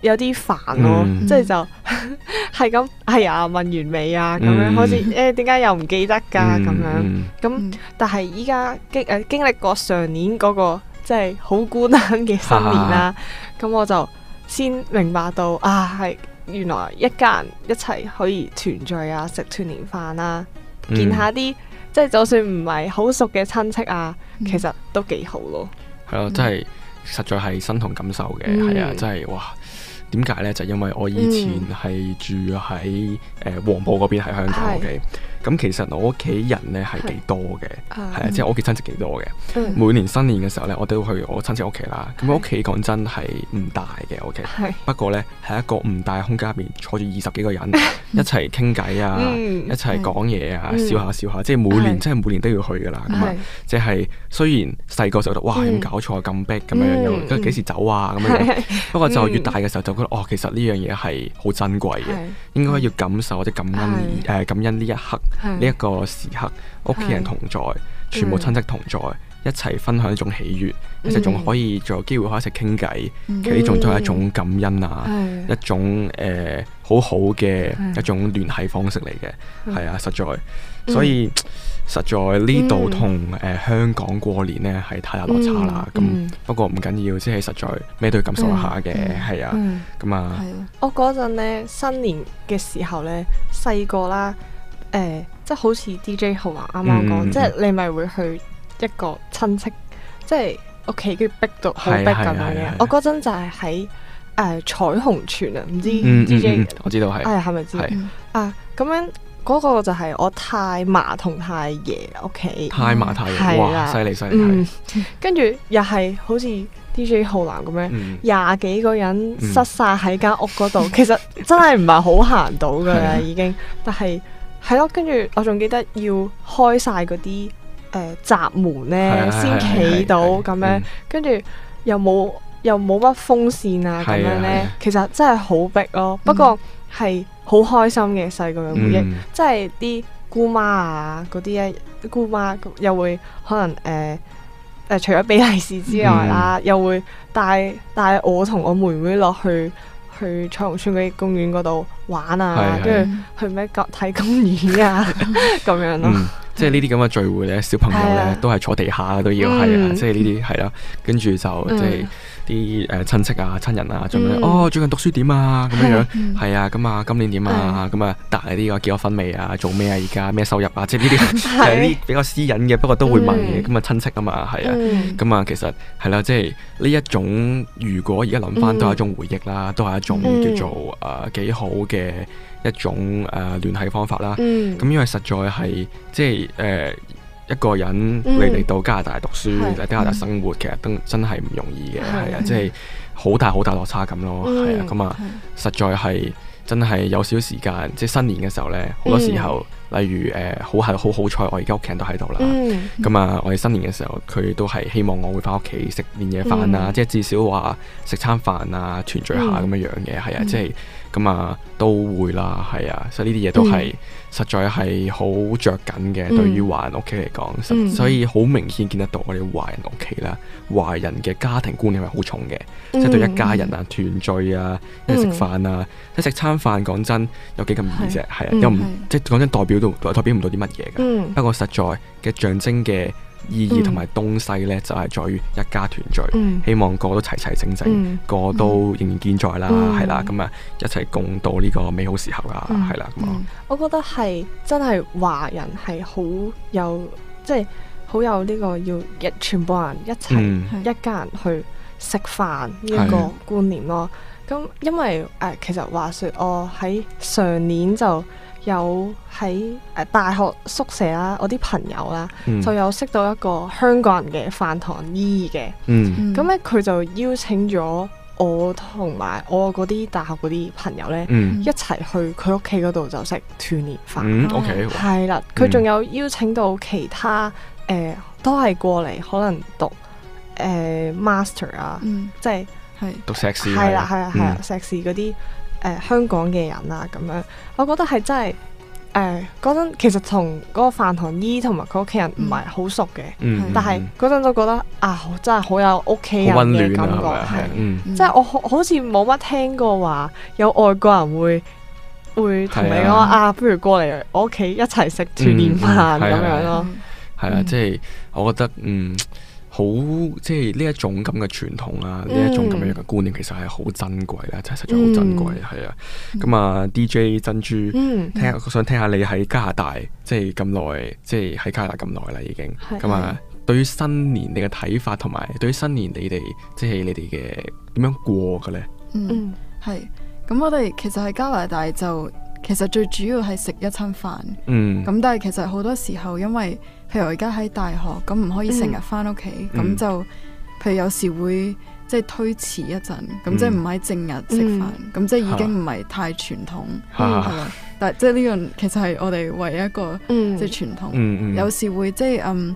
有啲煩咯、啊，即係、嗯、就係咁哎呀， (laughs) 問完未、嗯哎、啊？咁樣好似誒點解又唔記得㗎咁樣？咁但係依家經誒經歷過上年嗰、嗰個即係好孤單嘅新年啦。 (laughs) 啊嗯咁我就先明白到啊，係原來一家人一齊可以團聚啊，食團年飯啊，嗯、見下啲即係就算唔係好熟嘅親戚啊，嗯、其實都幾好咯。係咯、嗯，真係實在係身同感受嘅，係 (laughs) 啊，真係哇！點解呢？就係、因為我以前係住喺誒、嗯呃、黃埔嗰邊喺香港嘅。嗯咁其實我屋企人咧係幾多嘅，係啊，即係我屋企親戚幾多嘅。每年新年嘅時候咧，我都去我親戚屋企啦。咁我屋企講真係唔大嘅 okay，不過咧喺一個唔大嘅空間入面坐住二十幾個人一齊傾偈啊，一齊講嘢啊，笑下笑下，即係每年真係每年都要去噶啦。咁啊，即係雖然細個時候都哇咁搞錯啊咁逼咁樣樣，咁幾時走啊咁樣樣。不過就越大嘅時候就覺得哦，其實呢樣嘢係好珍貴嘅，應該要感受或者感恩誒感恩呢一刻。呢一個時刻，屋企人同在，全部親戚同在，一齊分享一種喜悅，一齊仲可以再有機會可以一齊傾偈，其實呢種都係一種感恩啊，一種誒好好嘅一種聯繫方式嚟嘅，係啊實在，所以實在呢度同誒香港過年呢係太有落差啦。咁不過唔緊要，即係實在咩都要感受一下嘅，係啊咁啊。我嗰陣呢，新年嘅時候呢，細個啦。誒，即係好似 D J 浩南啱啱講，即係你咪會去一個親戚，即係屋企，跟住逼到好逼咁樣嘅。我嗰陣就係喺誒彩虹邨啊，唔知 D J，我知道係，係咪知啊？咁樣嗰個就係我太嫲同太爺屋企，太嫲太爺，哇，犀利犀利。跟住又係好似 D J 浩南咁樣，廿幾個人塞晒喺間屋嗰度，其實真係唔係好行到噶啦，已經，但係。係咯，跟住 (noise) 我仲記得要開晒嗰啲誒閘門咧，先企是、啊、到咁是、啊、樣。跟住是、啊嗯、又冇又冇乜風扇啊，咁是、啊、樣咧，其實真係好逼咯。嗯、不過係好開心嘅細個嘅回憶，嗯、即係啲姑媽啊嗰啲咧，姑媽又會可能誒誒、呃呃，除咗俾利是之外啦、啊，嗯嗯、又會帶帶我同我和妹妹落去。去彩虹村嗰啲公園嗰度玩啊，跟住是是 去咩國體公園啊，咁 (laughs) (laughs) 樣咯、啊嗯。即係呢啲咁嘅聚會咧，小朋友咧是、啊、都係坐地下都要係、嗯、啊，嗯、即係呢啲係啦，跟住就即係。啲誒親戚啊親人啊做咩？嗯、哦，最近讀書點啊咁樣樣，係是啊咁啊今年點啊咁啊大啲個結咗婚未啊？做咩啊？而家咩收入啊？即係呢啲係啲比較私隱嘅，不過都會問嘅咁啊親戚啊嘛係啊，咁啊其實係啦，即係呢一種如果而家諗返都係一種回憶啦，都係一種叫做誒幾、呃、好嘅一種誒聯繫方法啦。咁、嗯嗯、因為實在係即係誒。呃呃呃一個人你嚟到加拿大讀書，喺加拿大生活，其實都真係唔容易嘅，係啊，即係好大好大落差咁咯，係啊，咁啊，實在係真係有少少時間，即係新年嘅時候呢，好多時候，例如誒好係好好彩，我而家屋企人都喺度啦，咁啊，我哋新年嘅時候，佢都係希望我會返屋企食年夜飯啊，即係至少話食餐飯啊，團聚下咁樣樣嘅，係啊，即係。咁啊，都會啦，係啊，所以呢啲嘢都係實在係好着緊嘅，對於華人屋企嚟講，所以好明顯見得到我哋華人屋企啦，華人嘅家庭觀念係好重嘅，嗯、即係對一家人啊團聚、嗯、啊，一食、嗯、飯對，係啊，嗯、即食餐飯講真有幾咁易啫，係啊，又唔即係講真代表到，代表唔到啲乜嘢嘅，不過、嗯、實在嘅、這個、象徵嘅。意義同埋東西呢，就係、係、在於一家團聚，嗯、希望個個都齊齊整整，嗯、個都仍然健在啦，係、嗯、啦，咁啊一齊共度呢個美好時候啦，係、嗯、啦，咁我覺得係真係華人係好有，即係好有呢、呢個要一全部人一齊、嗯、一家人去食飯呢個觀念咯。咁的因為誒、呃，其實話説我喺上年就有喺誒大學宿舍啦，我啲朋友啦，嗯、就有識到一個香港人嘅飯堂姨嘅。嗯，咁咧佢就邀請咗我同埋我嗰啲大學嗰啲朋友咧，嗯、一齊去佢屋企嗰度就食團年飯。OK 係啦，佢仲有邀請到其他誒、呃、都係過嚟可能讀誒、呃、Master 啊，即係係讀碩士係啦，係啊，係啊，碩、嗯、士嗰啲。誒，香港嘅人啊，咁樣，我覺得係真係，誒，嗰陣其實同嗰個飯堂姨同埋佢屋企人唔係好熟嘅，但係嗰陣都覺得啊，真係好有屋企人嘅感覺，係，即係我好似冇乜聽過話有外國人會會同你講啊，不如過嚟我屋企一齊食團年飯咁樣咯，係啊，即係我覺得嗯。好即係呢一種咁嘅傳統啊，呢、嗯、一種咁樣嘅觀念其實係好珍貴咧，真係、嗯、實在好珍貴、嗯、啊，係啊。咁啊，DJ 珍珠，嗯、聽下，我想聽下你喺加拿大即係咁耐，即係喺加拿大咁耐啦已經。咁是、嗯、啊，對於新年你嘅睇法，同埋對於新年你哋即係你哋嘅點樣過嘅咧？嗯，係。咁我哋其實喺加拿大就。其實最主要係食一餐飯，咁、嗯、但係其實好多時候，因為譬如我而家喺大學，咁唔可以成日翻屋企，咁、嗯、就譬如有時會即係推遲一陣，咁即係唔係正日食飯，咁、嗯嗯、即係已經唔係太傳統，係咯？但係即係呢樣其實係我哋唯一,一個、嗯、即係傳統，嗯嗯嗯、有時會即係嗯。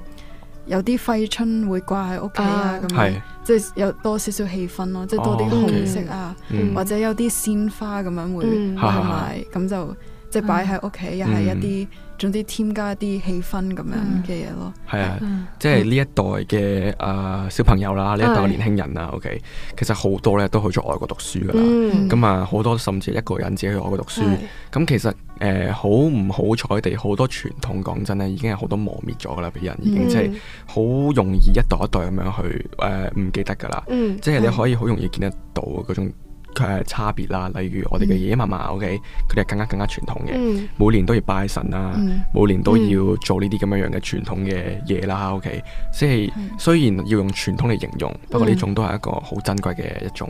有啲揮春會掛喺屋企啊，咁、啊、樣是即係有多少少氣氛咯、啊，即係、哦、多啲紅色啊，嗯、或者有啲鮮花咁樣會同埋，咁就。即係擺喺屋企，嗯、又係一啲，嗯、總之添加一啲氣氛咁樣嘅嘢咯。係啊，嗯、即係呢一代嘅誒、呃、小朋友啦，呢、嗯、一代年輕人啦。OK，其實好多咧都去咗外國讀書噶啦。咁啊、嗯，好多甚至一個人自己去外國讀書。咁、嗯、其實誒好唔好彩地，好、呃、多傳統講真咧，已經係好多磨滅咗噶啦，俾人已經、嗯、即係好容易一代一代咁樣去誒唔、呃呃、記得噶啦。即係你可以好容易見得到嗰種。佢係差別啦，例如我哋嘅爺爺嫲嫲，OK，佢哋係更加更加傳統嘅，每年都要拜神啦，每年都要做呢啲咁樣樣嘅傳統嘅嘢啦，OK，即係雖然要用傳統嚟形容，不過呢種都係一個好珍貴嘅一種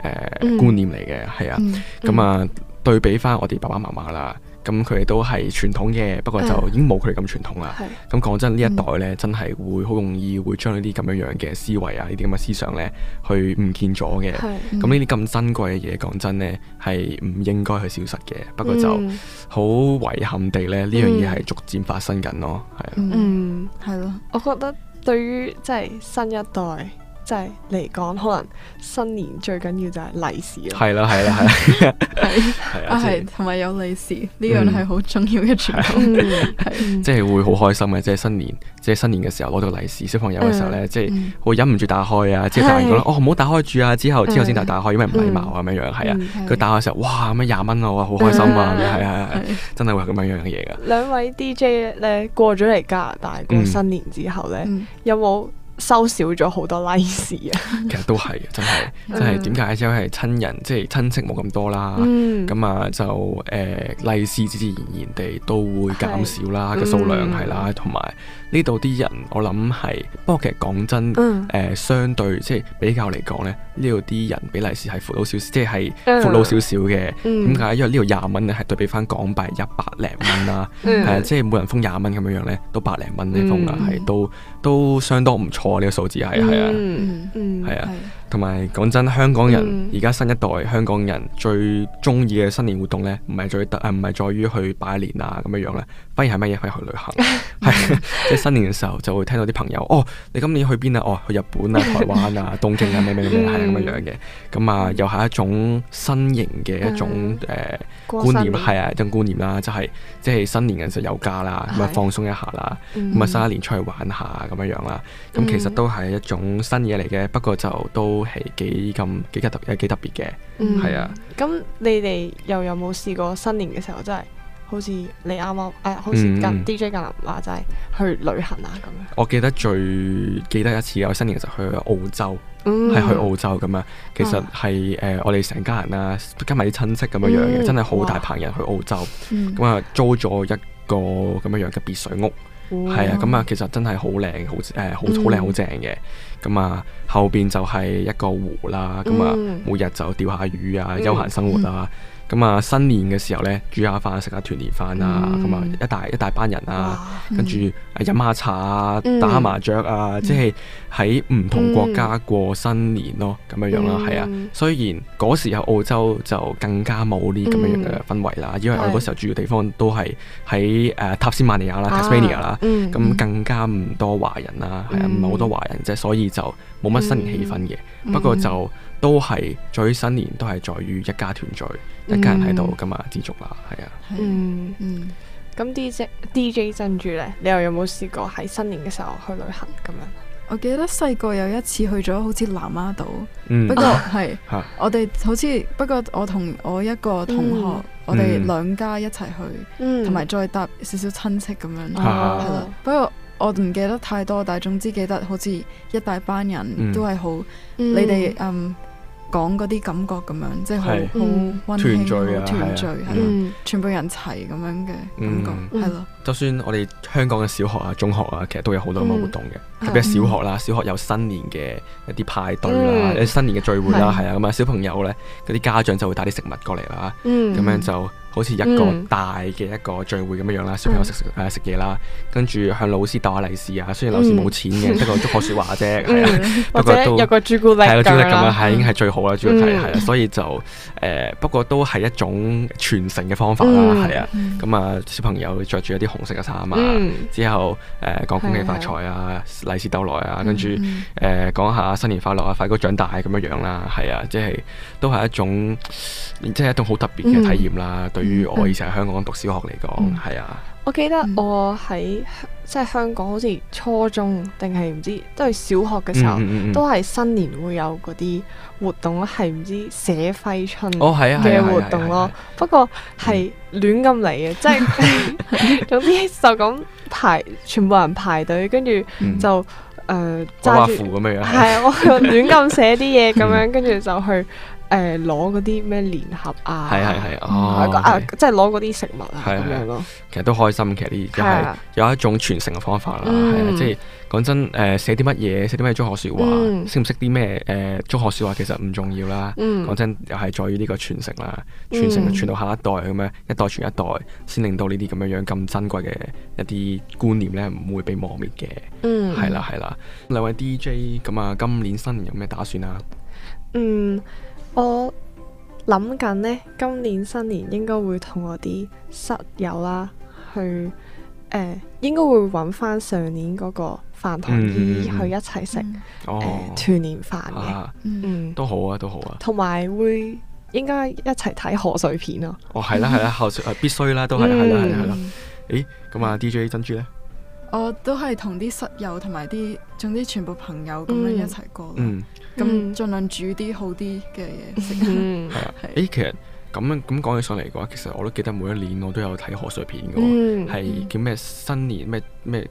誒誒觀念嚟嘅，係啊，咁啊對比返我哋爸爸媽媽啦。咁佢哋都係傳統嘅，不過就已經冇佢哋咁傳統啦。咁講是真，呢一代呢、嗯、真係會好容易會將呢啲咁樣樣嘅思維啊，呢啲咁嘅思想呢，去唔見咗嘅。咁呢啲咁珍貴嘅嘢，講真呢係唔應該去消失嘅。不過就好遺憾地呢，呢樣嘢係逐漸發生緊咯，係啊。嗯，係咯。我覺得對於即係新一代。就係嚟講，可能新年最緊要就係利是咯。係啦，係啦，係。係啊，係同埋有利是呢樣係好重要嘅傳統。即係會好開心嘅，即係新年，即係新年嘅時候攞到利是，小朋友嘅時候咧，即係會忍唔住打開啊，即係打開，哦，唔好打開住啊，之後之後先打打開，因為唔禮貌啊，咁樣樣係啊。佢打開嘅時候，哇，咁樣廿蚊啊，我好開心啊，咁樣係啊，係真係會咁樣樣嘅嘢噶。兩位 DJ 咧過咗嚟加拿大過新年之後咧，有冇？收少咗好多利是啊！其實都係，真係真係點解？即係親人，即係親戚冇咁多啦。咁啊就誒利是自自然然地都會減少啦嘅數量係啦。同埋呢度啲人，我諗係不過其實講真，誒相對即係比較嚟講咧，呢度啲人俾利是係闊少少，即係闊少少嘅。點解？因為呢度廿蚊咧係對比翻港幣一百零蚊啦，係啊，即係每人封廿蚊咁樣樣咧，都百零蚊呢封啊，係都。都相當唔錯，呢個數字係係啊，係、這個嗯、啊，同埋講真，香港人而家新一代、嗯、香港人最中意嘅新年活動呢，唔係在於特，唔、啊、係在於去拜年啊咁樣樣咧。不如係乜嘢？可以去旅行，係即係新年嘅時候就會聽到啲朋友哦，你今年去邊啊？哦，去日本啊、台灣啊、東京啊，咩咩咩，係咁、 (laughs) 嗯、樣樣嘅。咁啊，又係一種新型嘅一種誒、嗯呃、觀念，係啊，一種觀念啦，就係、是、即係新年嘅時候有假啦，咁啊是放鬆一下啦，咁啊、嗯、新一年出去玩下咁樣樣啦。咁其實都係一種新嘢嚟嘅，不過就都係幾咁幾特幾特別嘅，係、嗯、啊。咁你哋又有冇試過新年嘅時候真係？好似你啱啱誒，好似跟 DJ 隔林話齋、嗯、去旅行啊咁樣。我記得最記得一次啊，我新年就去澳洲，係、嗯、去澳洲咁啊。其實係誒、啊呃，我哋成家人啊，加埋啲親戚咁樣樣嘅，嗯、真係好大棚人去澳洲。咁啊哇，租咗一個咁樣樣嘅別墅屋，係啊哇。咁啊，其實真係好靚，好誒，好好靚好正嘅。咁啊、嗯，後邊就係一個湖啦。咁啊，每日就釣下魚啊，休閒生活啊。嗯嗯咁啊，新年嘅時候咧，煮下飯，食下團年飯啊，咁啊、嗯，一大哇一大班人啊，跟住飲下茶啊，嗯、打下麻雀啊，嗯、即係喺唔同國家過新年咯，咁、嗯、樣樣啦，係啊。雖然嗰時候澳洲就更加冇呢咁樣嘅氛圍啦，嗯、因為我嗰時候住嘅地方都係喺誒塔斯曼尼亞啦，Tasmania 啦，咁更加唔多華人啦，係啊，唔係好多華人即係，所以就冇乜新年氣氛嘅。不過就。嗯嗯都係在於新年，都係在於一家團聚，一家人喺度㗎嘛，知足啦，係啊。嗯嗯。咁 D J D J 珍珠呢，你又有冇試過喺新年嘅時候去旅行咁樣？我記得細個有一次去咗好似南丫島，不過係我哋好似不過我同我一個同學，我哋兩家一齊去，同埋再搭少少親戚咁樣，係啦。不過我唔記得太多，但係總之記得好似一大班人都係好，你哋嗯。講嗰啲感覺咁樣，即係好好溫馨，好團聚，係全部人齊咁樣嘅感覺，係咯。就算我哋香港嘅小學啊、中學啊，其實都有好多咁嘅活動嘅，特別係小學啦，小學有新年嘅一啲派對啦，新年嘅聚會啦，係啊，咁啊小朋友咧，嗰啲家長就會帶啲食物過嚟啦，咁樣就。好似一個大嘅一個聚會咁樣樣啦，小朋友食食誒食嘢啦，跟住向老師逗下利是啊。雖然老師冇錢嘅，嗯、 (laughs) 不過祝賀説話啫，係啊。不過都有個朱古力咁啊，係已經係最好啦。主要就係啊，所以就誒、呃、不過都係一種傳承嘅方法啦，係、嗯、啊。咁啊，小朋友着住一啲紅色嘅衫啊，嗯、之後誒、呃、講恭喜發財啊，嗯、利是逗來啊，跟住誒、呃、講下新年快樂啊，快高長大咁樣樣啦，係啊，即係、啊就是、都係一種即係、就是、一種好、就是就是就是、特別嘅體驗啦，嗯對於我以前喺香港讀小學嚟講，係、嗯、啊，我記得我喺即係香港，好似初中定係唔知都係小學嘅時候，嗯嗯嗯都係新年會有嗰啲活動咯，係唔知寫揮春嘅活動咯。不過係亂咁嚟嘅，即係總之就咁、是、 (laughs) 排，全部人排隊，跟住就誒，掛幅咁樣，係啊、呃嗯，我亂咁寫啲嘢咁樣，跟住 (laughs) (laughs) 就去。誒攞嗰啲咩聯合啊，係係係啊，即係攞嗰啲食物啊咁樣咯。其實都開心，其實呢已經係有一種傳承嘅方法啦。係啊，即係講真，誒寫啲乜嘢，寫啲咩中學説話，識唔識啲咩誒中學説話其實唔重要啦。講、嗯、真，又係在於呢個傳承啦，傳承傳到下一代咁樣，一代傳一代，先令到呢啲咁樣樣咁珍貴嘅一啲觀念咧，唔會被磨滅嘅。嗯，係啦係啦，兩位 DJ 咁啊，今年新年有咩打算啊、嗯？嗯。嗯。我諗緊咧，今年新年應該會同我啲室友啦，去誒、呃，應該會搵翻上年嗰個飯堂去一齊食誒、團年飯嘅。嗯，都好啊，都好啊，同埋會應該一齊睇賀歲片咯。啊，哦，係啦係啦，賀、啊啊呃、必須啦，都係係啦係啦，誒、嗯，咁啊，啊，啊 DJ 珍珠咧？我都係同啲室友同埋啲，總之全部朋友咁樣一齊過，咁盡、嗯、量煮啲好啲嘅嘢食。係、嗯、 (laughs) 啊，誒是、欸，其實咁樣咁講起上嚟嘅話，其實我都記得每一年我都有睇賀歲片嘅喎，係、嗯、叫咩新年咩咩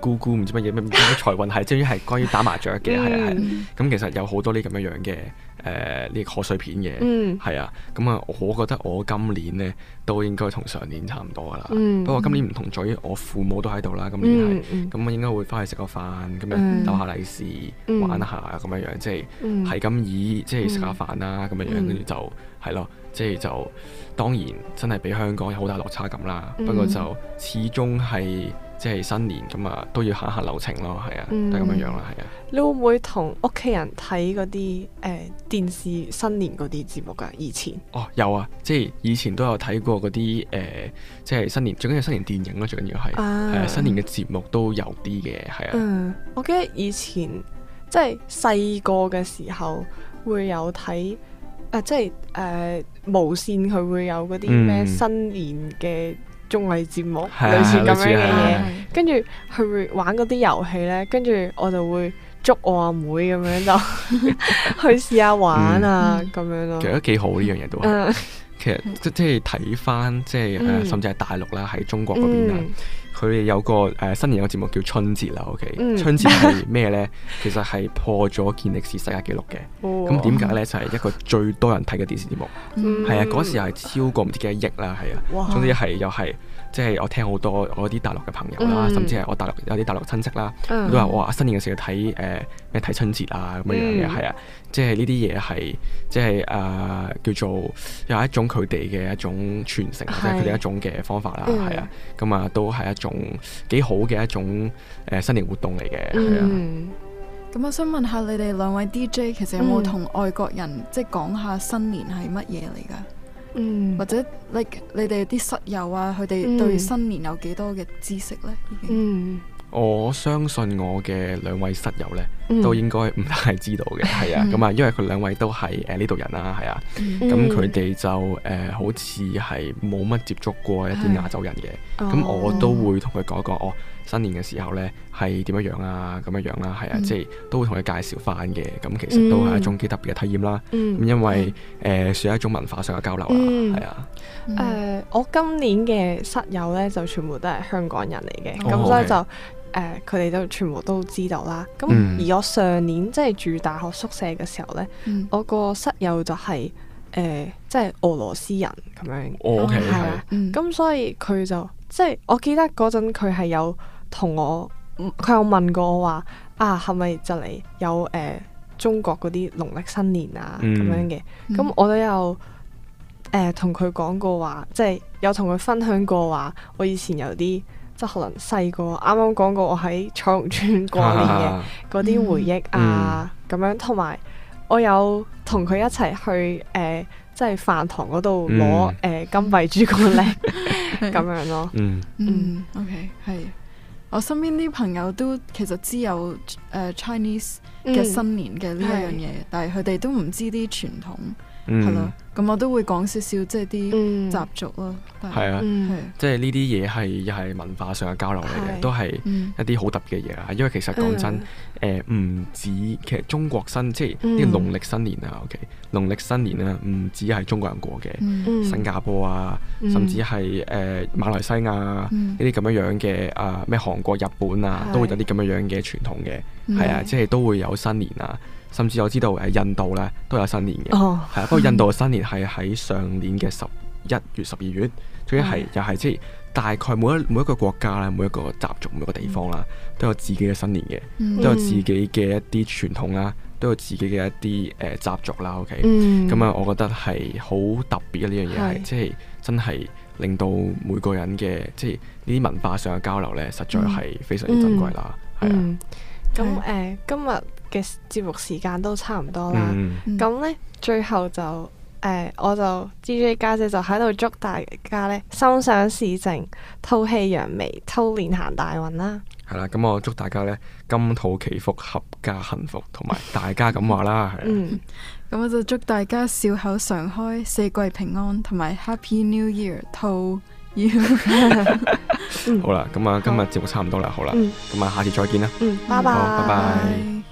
姑姑唔知乜嘢咩咩財運，係即係於係關於打麻雀嘅，係啊係。咁其實有好多啲咁樣樣嘅。誒呢個賀歲片嘅，係、嗯、啊，咁、嗯、啊，我覺得我今年咧都應該同上年差唔多噶啦。嗯、不過今年唔同在於我父母都喺度啦，今年係，咁我、嗯嗯嗯、應該會翻去食個飯，咁、嗯、樣逗下利是，玩下咁樣樣，即係係咁以，即係食下飯啦，咁樣樣跟住就係咯，即係、啊、就，是、就當然真係比香港有好大落差咁啦。不過、嗯、就始終係。即係新年咁，啊，都要行下流程咯，係啊，嗯、都係咁樣樣啦，係啊。你會唔會同屋企人睇嗰啲誒電視新年嗰啲節目噶、啊？以前哦，有啊，即係以前都有睇過嗰啲誒，即係新年，最緊要新年電影啦、啊，最緊要係，係啊、呃，新年嘅節目都有啲嘅，係啊。嗯，我記得以前即係細個嘅時候會有睇，誒、呃，即係誒、呃、無綫佢會有嗰啲咩新年嘅。嗯綜藝節目，類似咁樣嘅嘢，跟住去玩嗰啲遊戲咧，跟住我就會捉我阿妹咁樣就 (laughs) (laughs) 去試下玩啊咁、嗯、樣咯。其實、嗯、都幾好呢樣嘢都。 (laughs) 其實、嗯、即即係睇翻即係誒，甚至係大陸啦，喺中國嗰邊啦。嗯佢哋有個誒、呃、新年有個節目叫春節啦，OK，嗯、春節係咩呢？ (laughs) 其實係破咗健力士世界紀錄嘅，咁點解呢？就係、是、一個最多人睇嘅電視節目，係、嗯、啊，嗰時係超過唔知幾多億啦，係啊，哇總之係又係。即係我聽好多我啲大陸嘅朋友啦，嗯、甚至係我大陸有啲大陸親戚啦，嗯、都話哇，新年嘅時候睇，誒咩，睇春節啊，咁樣嘅係、嗯、啊，即係呢啲嘢係即係誒叫做有一種佢哋嘅一種傳承，即係佢哋一種嘅方法啦，係、嗯、啊，咁啊都係一種幾好嘅一種誒新年活動嚟嘅，係啊。咁、嗯、我想問下你哋兩位 DJ，其實有冇同外國人、嗯、即係講下新年係乜嘢嚟㗎？嗯，mm. 或者 l、like，你哋啲室友啊，佢哋對新年有幾多嘅知識呢？嗯，mm. 我相信我嘅兩位室友呢，都應該唔太知道嘅，係啊，咁啊，因為佢兩位都係誒呢度人啦，係啊，咁佢哋就誒、呃、好似係冇乜接觸過一啲亞洲人嘅，咁是我都會同佢講一講。Mm. 哦新年嘅時候呢，係點樣樣啊？咁樣樣啦，係啊，即係都會同你介紹翻嘅。咁其實都係一種幾特別嘅體驗啦。咁因為誒算係一種文化上嘅交流啊，係啊。誒，我今年嘅室友呢，就全部都係香港人嚟嘅，咁所以就誒佢哋都全部都知道啦。咁而我上年即係住大學宿舍嘅時候呢，我個室友就係誒即係俄羅斯人咁樣，係咁所以佢就即係我記得嗰陣佢係有。同我佢有問過我話啊，係咪就嚟有誒、呃、中國嗰啲農曆新年啊咁樣嘅？咁、嗯、我都有誒同佢講過話，即、就、係、是、有同佢分享過話，我以前有啲即係可能細個啱啱講過我喺彩虹村過年嘅嗰啲回憶啊咁、嗯、樣，同埋我有同佢一齊去誒、呃、即係飯堂嗰度攞誒金幣朱古力咁樣咯。嗯 okay，嗯，OK，係。我身邊啲朋友都其實知有誒、呃、Chinese 嘅新年嘅呢一樣嘢，嗯、但係佢哋都唔知啲傳統。嗯，係咯，咁我都會講少少即係啲習俗咯，係啊，即係呢啲嘢係又係文化上嘅交流嚟嘅，都係一啲好特別嘅嘢啊。因為其實講真，誒唔止其實中國新即係呢個農曆新年啊，OK，農曆新年啊，唔止係中國人過嘅，新加坡啊，甚至係誒馬來西亞呢啲咁樣樣嘅啊咩韓國、日本啊，都會有啲咁樣樣嘅傳統嘅，係啊，即係都會有新年啊。甚至我知道誒印度咧都有新年嘅，係啊、mm，不、hmm, 過、so, 印度嘅新年係喺上年嘅十一月、十二月，總之係又係即係大概每一每一個國家咧、每一個習俗、每個地方啦，mm hmm. 都有自己嘅新年嘅，mm hmm. 都有自己嘅一啲傳統啦，都有自己嘅一啲誒習俗啦，OK，咁啊、嗯，abra PowerPoint 我覺得係好特別嘅呢樣嘢係，即係、mm hmm. 真係令到每個人嘅即係呢啲文化上嘅交流咧，實在係非常之珍貴啦，係啊，咁誒今日。うん elled acting 嘅節目時間都差唔多啦，咁呢，最後就誒，我就 DJ 家姐就喺度祝大家呢心想事成、吐氣揚眉、兔年行大運啦。係啦，咁我祝大家呢金兔祈福、合家幸福，同埋大家咁話啦。嗯，咁我就祝大家笑口常開、四季平安，同埋 Happy New Year，to you。好啦，咁啊今日節目差唔多啦，好啦，咁啊下次再見啦，拜拜，拜拜。